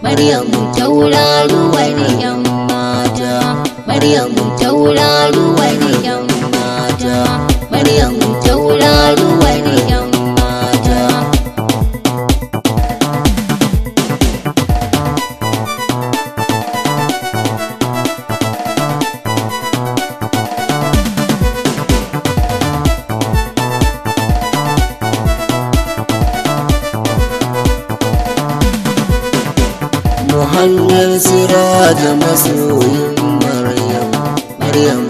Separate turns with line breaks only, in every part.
Maryam tauraruwar yan
mata Maryam tauraruwar yan
hanyar sira da masoyin maryam maryam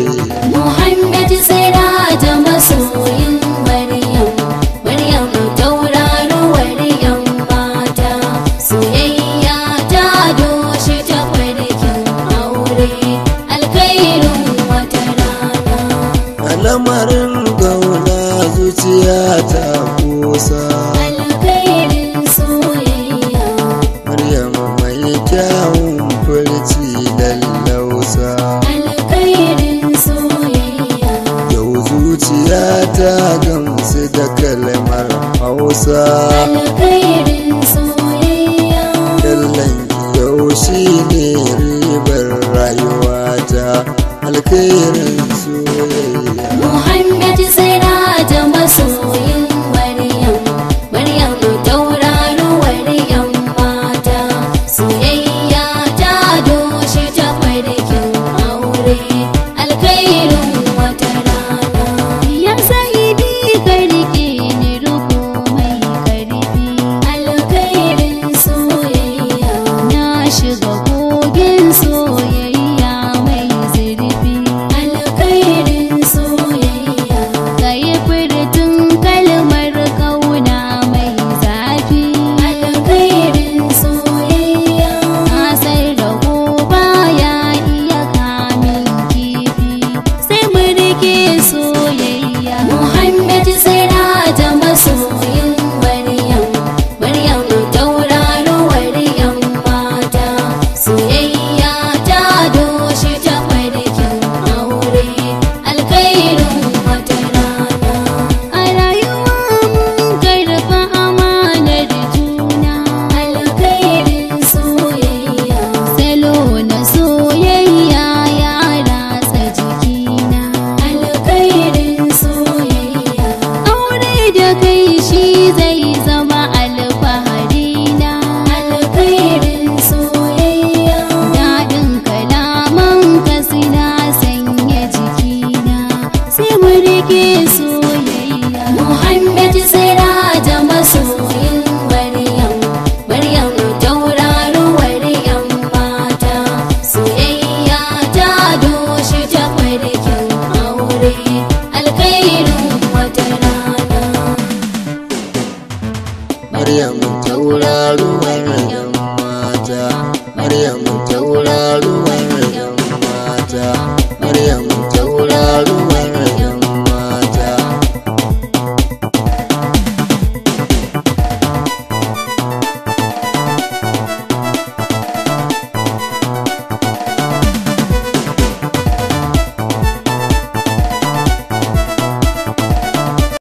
ta kusa soyayya maryam mai kyawun furci lallausa alkhairin
soyayya
yau zuciya ta gamsu da kalmar hausa
alkhairin soyayya
kallon yau shi ne ribar rayuwata alkhairin
soyayya